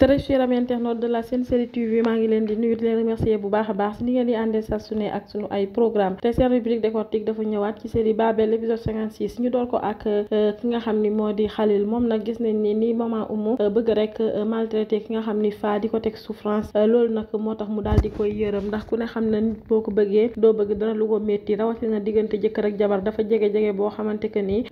très chers amis internautes de la Sen Série TV maa ngi leen di nuyu di remercier bu baax a baax si ni ngeen di àndee saa su ak sunu ay programme te seen rubrique décortique dafa ñëwaat ci série Babel épisode 56 ñu door ko ak euh, ki nga xam ni moo di Khalil moom nag gis nañ ni ni maman Oumou euh, bëgg rek euh, maltraité ki nga xam ni faa di ko teg loolu nag moo tax mu daal di koy yërëm ndax ku ne xam na nit ko bëggee doo bëgg dara lu métti rawatina diggante jëkkër ak jabar dafa jege-jege boo xamante que ni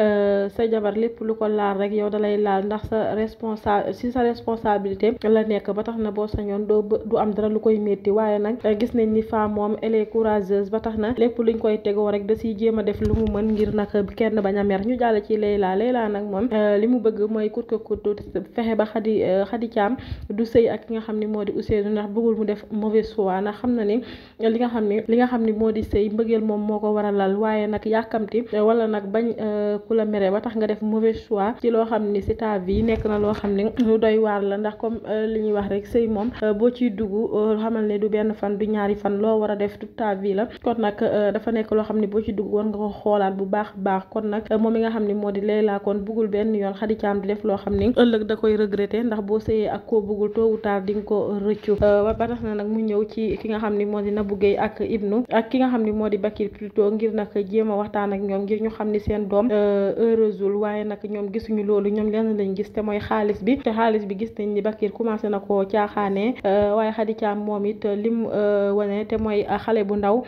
sa jabar lépp lu ko laal rek yow dalay laal ndax sa responsa si sa responsabilité la nekk ba tax na boo sañoon doo du am dara lu koy métti waaye nag eh, gis nañ ni femme moom elle est ba tax na lépp luñ koy tegoo rek da siy jéem a def lu mu mën ngir nag kenn bañ a mer ñu jàll ci Leila Leila nag moom eh, li mu bëgg mooy kut ko kut fexe ba xadi xadi eh, caam du sëy ak ki nga xam ni moo di Ousseynou ndax bëggul mu def mauvais choix ndax xam na ni li nga xam ni li nga xam ni moo di sëy mbëggeel moom moo ko war a lal waaye nag yàkkamti wala nag bañ ku la mere ba tax nga def mauvais choix ci loo xam ni c'est ta nekk na loo xam ni lu doy waar la ndax comme li ñuy wax rek sëy moom euh, boo ciy dugg euh, xamal ne du benn fan du ñaari fan loo war a def toute ta bii la kon nag euh, dafa nekk loo xam ne boo ci dugg war nga ko xoolaat bu baax baax kon nag moom mi nga xam ne moo di Leila kon bugul benn yoon Khady Thiam di def loo xam ne ëllëg da koy regretter ndax boo sëyee ak koo bugul tôt ou tard nga ko rëccu ba tax na nag mu ñëw ci ki nga xam ne moo di Nabou Gueye ak Ibnu ak ki nga xam ne moo di Bakir plutôt ngir nag jéem a waxtaan ak ñoom ngir ñu xam ni seen doom heureusement waaye nag ñoom gisuñu loolu ñoom lenn lañ gis te mooy xaalis bi te xaalis bi gis nañ ni Bakir commencé na ko caaxaanee euh, waaye Khady Thiam moom it euh, lim euh, wane te mooy xale bu ndaw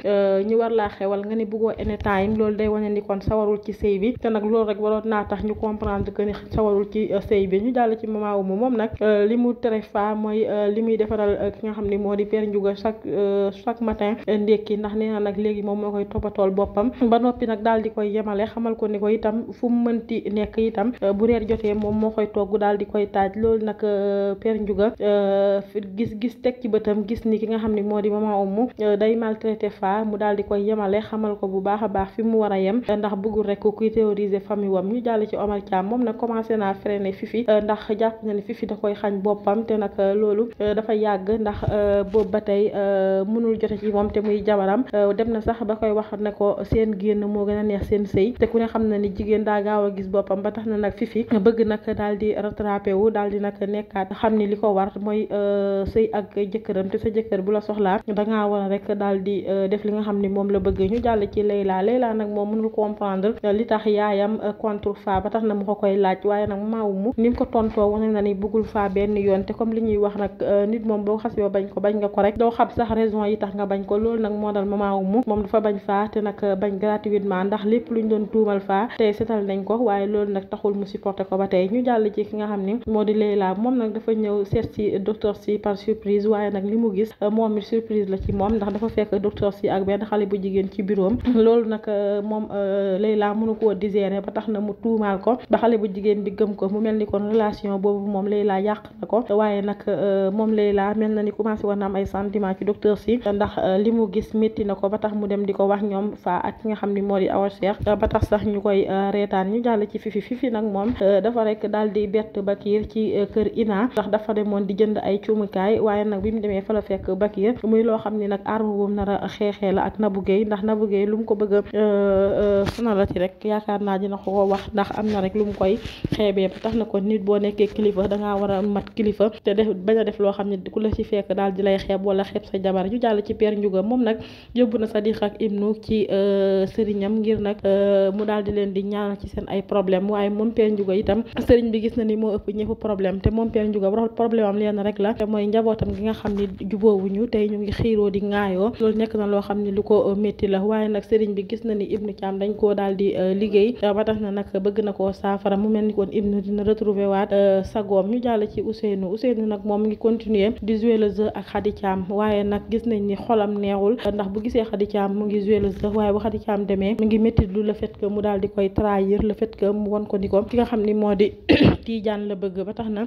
ñu war laa xewal nga ni bëggoo anytime loolu day wane ni kon sawarul ci sëy bi te nag loolu rek waroon naa tax ñu comprendre que ni sawarul ci sëy bi ñu jàll ci maman wu moom nag li mu tere fa mooy li muy defaral ki nga xam ni moo di père Ndiouga chaque chaque matin ndékki ndax nee na nag léegi moom moo koy toppatool boppam ba noppi nag daal di koy yemale xamal ko ni ko itam fu mu mënti nekk itam bu reer jotee moom moo koy togg daal di koy taaj loolu nag njuga gis-gis euh, teg ci bëtam gis ni ki nga xam ne moo di maman Oumou euh, day maltraité fa mu daal koy yemale xamal ko bu baax a baax fi mu war a yem ndax bëggul rek kuy théoriser famille wam ñu jàll ci Omar Thiam moom nag commencé naa freiné Fifi euh, ndax jàpp na ni Fifi da koy xañ boppam te nag loolu dafa yàgg ndax boobu ba tey mënul jote ci moom te muy jabaram dem na sax ba koy wax ne ko seen génn moo gën a neex seen sëy te ku ne xam na ni jigéen daa gaaw a gis boppam ba tax na nag Fifi bëgg ni li ko war mooy euh, sëy ak jëkkëram te sa jëkkër bu la soxlaa dangaa war rek daal di euh, def li nga xam ni moom la bëgg ñu jàll ci Leyla Leyla nag moom mënul comprendre euh, li tax yaayam contre fa ba tax na mu ko koy laaj waaye nag maaw mu ni ko tontoo wane na ni bëggul fa benn yoon te comme li ñuy wax nag nit moom boo xas yoo bañ ko bañ nga ko rek doo xam sax raison yi tax nga bañ ko loolu nag moo dal maaw mu moom dafa bañ faa te nag bañ gratuitement ndax lépp luñ doon tuumal faa tey setal nañ ko waaye loolu nag taxul mu supporté ko ba tey ñu jàll ci ki ñëw seet si docteur si par surprise waaye nag li mu gis euh, moom it surprise la ci moom ndax dafa fekk docteur si ak benn xale bu jigéen ci biroom mhm. loolu nag euh, moom euh, Leyla mënu koo digérer ba tax na mu tuumaal ko ba xale bu jigéen bi gëm ko mu mel ni kon relation boobu moom Leyla yàq na ko waaye nag moom Leyla mel na ni commencé woon na am ay sentiment ci docteur si ndax li mu gis métti na ko ba tax mu dem di ko wax ñoom fa ak ki nga xam ni moo di Awa Cheikh ba tax sax ñu koy reetaan ñu jàll ci fifi fifi nag moom dafa rek dal di bett Bakir ci kër Ina ndax dafa demoon di jënd ay cuumukaay waaye nag bi mu demee fa la fekk Bakiya muy loo xam ne nag arme boobu nar a xeexee la ak Nabou Guèye ndax Nabou Guèye lu mu ko bëgg a euh, euh, sonalati rek yaakaar naa dina ko wax ndax am na rek lu mu koy xeebee ba tax na ko nit boo nekkee kilifa danga war a mat kilifa te def bañ a def loo xam ne ku la ci fekk daal di lay xeeb wala xeeb sa jabar ju jàll ci Père Ndiouga moom nag yóbbu na sa Sadiq ak Ibnu ci euh, sëriñam ngir nag mu daal di leen di ñaanal ci problème am leen rek la mooy njabootam gi nga xam ni jubóowuñu tey ñu ngi xiiroo di ŋaayoo loolu nekk na loo xam ni lu ko euh, métti la waaye nag sëriñ gis na ni Ibnu Thiam dañ koo daal di euh, liggéey euh, ba tax na na koo saafara mu mel ni koon Ibnu di jouer nañ ni xolam neexul ndax bu gisee Khady Thiam mu ngi jouer le jeu waaye bu Khady Thiam demee mu ngi métti lu le fait mu daal di koy trahir le fait mu won ko ni ki nga xam ni moo di Tidiane la bëgg ba tax na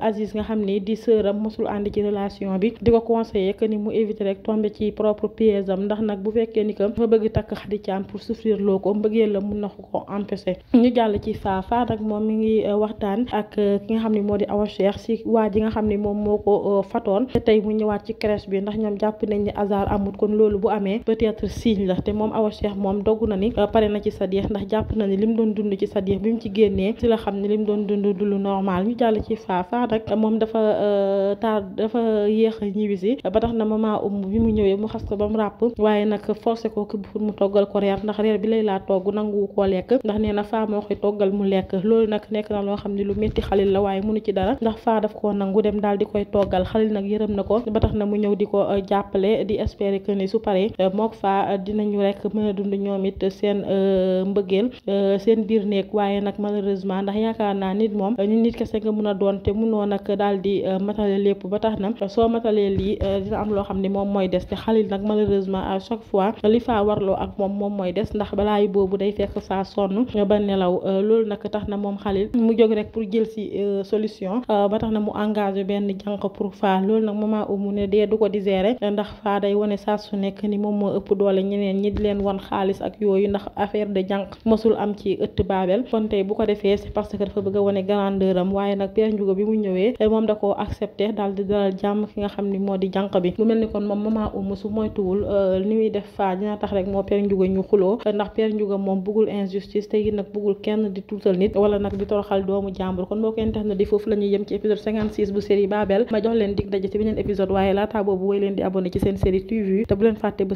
Aziz nga xam ni di sëram mosul ànd ci relation bi di ko conseiller que ni mu éviter rek tomber ci propre piège am ndax nag bu fekkee ni que bëgg takk Khady pour souffrir loo ko mbëggee la mun na ko empêcher ñu jàll ci faafa nag moom mi ngi euh, waxtaan ak euh, ki nga xam ni moo di Awa Cheikh si waa ji nga xam ni moom moo ko euh, fatoon te tey ñëwaat ci crèche bi ndax ñoom jàpp nañ ni hasard amut kon loolu bu amee peut-être signe la te moom Awa Cheikh moom dogg na ni pare na ci sa Sadikh ndax jàpp na ni lim doon dund ci sa bi mu ci génnee si la xam ne lim doon dund lu normal ñu jàll ci faafa nag moom dafa euh, taar dafa yéex a ñibbisi ba tax na maman um bi mu ñëwee mu xas ko ba mu ràpp waaye nag forcé ko kii pour mu toggal ko reer ndax reer bi lay laa togg nangu ko lekk ndax nee na faa moo koy toggal mu lekk loolu nag nekk na loo xam ne lu métti xalil la waaye mënu ci dara ndax faa daf koo nangu dem daal di koy toggal xalil nag yërëm na ko ba tax na mu ñëw di ko euh, jàppale di espérer que ni su paree euh, mook faa dinañu rek mën a dund ñoom it seen mbëggeel seen biir néeg daal di euh, matale lépp ba tax na soo matalee lii euh, dina am loo xam ni moom mooy des te xalil nag malheureusement à chaque fois li faa warloo ak moom moom mooy des ndax balaay boobu day fekk faa sonn ba nelaw euh, loolu nag tax na moom xalil mu jog rek pour jël si solution ba tax na mu engage benn jànq pour faa loolu nag moment umu ne dee du ko di gérer ndax faa day wane saa su nekk ni moom moo ëpp doole ñeneen ñi leen wan xaalis ak yooyu ndax affaire de jànq mosul am ci ëtt baabel kon ko defee c'est parce que dafa a wane moom da koo accepté daal di dalal jàmm ki nga xam ni moo di jànq bi mu mel ni kon moom maman Oumou su moytuwul euh, li muy def faa dina tax rek moo père Ndiouga ñu xuloo euh, ndax père Ndiouga moom bëggul injustice te it nag bëggul kenn di tuutal nit wala nag di toroxal doomu jàmbur kon boo ko internet di foofu la yem ci épisode bu série Babel ma jox leen dig daje ci beneen épisode waaye laataa boobu woy leen di abonné ci seen série TV te bu leen fàtte ba